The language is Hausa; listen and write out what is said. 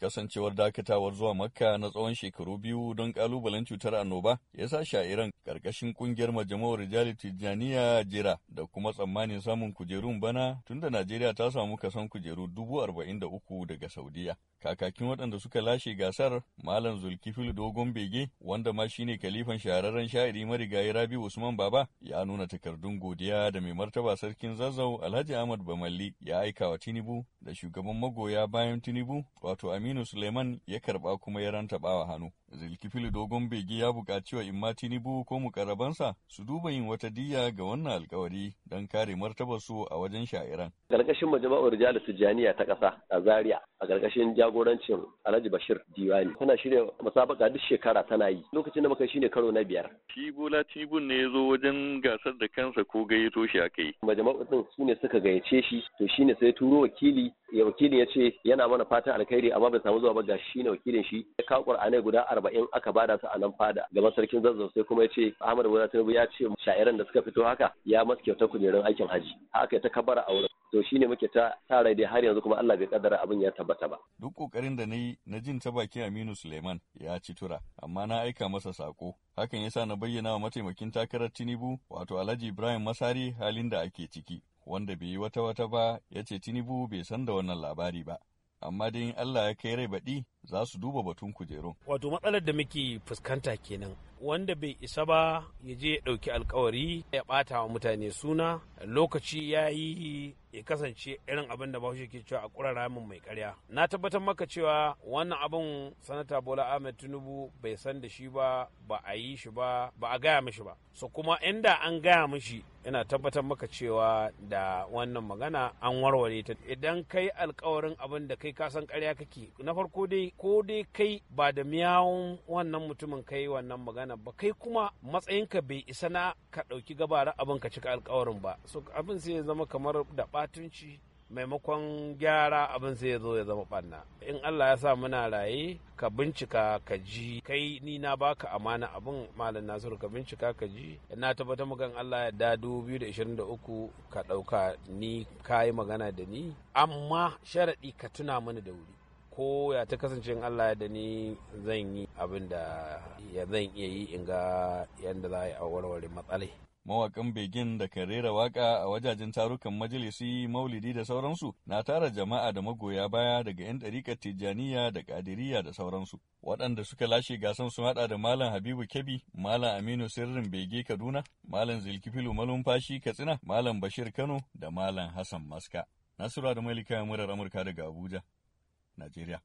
kasancewar dakatawar zuwa makka na tsawon shekaru biyu don kalubalen cutar annoba ya sa sha'iran karkashin kungiyar majamawar rijali tijjaniya jira da kuma tsammanin samun kujerun bana tunda najeriya ta samu kasan kujeru dubu arba'in da uku daga saudiya kakakin waɗanda suka lashe gasar malam zulkifil dogon bege wanda ma shine kalifan shahararren sha'iri marigayi rabi usman baba ya nuna takardun godiya da mai martaba sarkin zazzau alhaji ahmad bamalli ya aika wa tinubu da shugaban magoya bayan tinubu wato amin Aminu Suleiman ya karɓa kuma ya rantaba wa hannu. Zulkifili Dogon Bege ya buƙaci wa Imma Tinubu ko mukarabansa su duba yin wata diya ga wannan alkawari don kare martabarsu a wajen sha'iran. Ƙarƙashin majama'ar Rijal Tijjaniya ta ƙasa a Zaria a ƙarƙashin jagorancin Alhaji Bashir Diwani tana shirya musabaka duk shekara tana yi lokacin da muka shine karo na biyar. Shi Bola Tinubu ne ya zo wajen gasar da kansa ko gayyato shi aka yi. Majama'ar din su ne suka gayyace shi to shi ne sai turo wakili ya wakili ya ce yana mana fatan alkhairi amma bai samu zuwa ba ga shi ne wakilin shi ya kawo ƙur'anai guda arba'in aka bada su a nan fada gaban sarkin zazzau sai kuma ya ce ahmad buhari tinubu ya ce sha'iran da suka fito haka ya masu kyauta kujerun aikin haji haka ta kabara a wurin to shine muke ta sa rai dai har yanzu kuma Allah bai kaddara abin ya tabbata ba duk kokarin da na yi na jin ta bakin Aminu Suleiman ya ci tura amma na aika masa sako hakan yasa na bayyana wa mataimakin takarar Tinubu wato Alhaji Ibrahim Masari halin da ake ciki wanda bai yi wata wata ba ya ce Tinubu bai san da wannan labari ba amma dai in Allah ya kai rai baɗi za su duba batun kujerun. Wato matsalar da muke fuskanta kenan wanda bai isa ba ya je ya ɗauki alkawari ya ɓata wa mutane suna lokaci ya yi ya kasance irin abin da bahaushe ke cewa a kurara min mai karya na tabbatar maka cewa wannan abin sanata bola ahmed tinubu bai san da shi ba ba a yi shi ba ba a gaya mishi ba so kuma inda an gaya mishi ina tabbatar maka cewa da wannan magana an warware ta idan kai alkawarin abin da kai kasan karya kake na farko dai ko dai kai ba da miyawun wannan mutumin kai wannan magana ba kai kuma matsayinka bai isa na ka ɗauki gabara abin ka cika alkawarin ba so abin sai ya zama kamar da batunci. maimakon gyara abin sai ya zo ya zama ɓanna in allah ya sa muna raye ka bincika ka ji kai ni na baka amana abin malam nasiru ka bincika ka ji na tabbata maka allah ya da 2023 ka ɗauka ni ka yi magana da ni amma sharaɗi ka tuna mani da wuri ko ya ta kasance in Allah ya dani zan yi abin da zan iya yi in ga yadda za a warware matsalai. mawakan begin da kan rera waka a wajajen tarukan majalisi maulidi da sauransu na tara jama'a da magoya baya daga 'yan ɗarikar tijjaniya da ƙadiriya da sauransu waɗanda suka lashe gasan sun haɗa da malam habibu kebi malam aminu sirrin bege kaduna malam zilkifilu malumfashi katsina malam bashir kano da malam hassan maska nasura da malika murar amurka daga abuja najeriya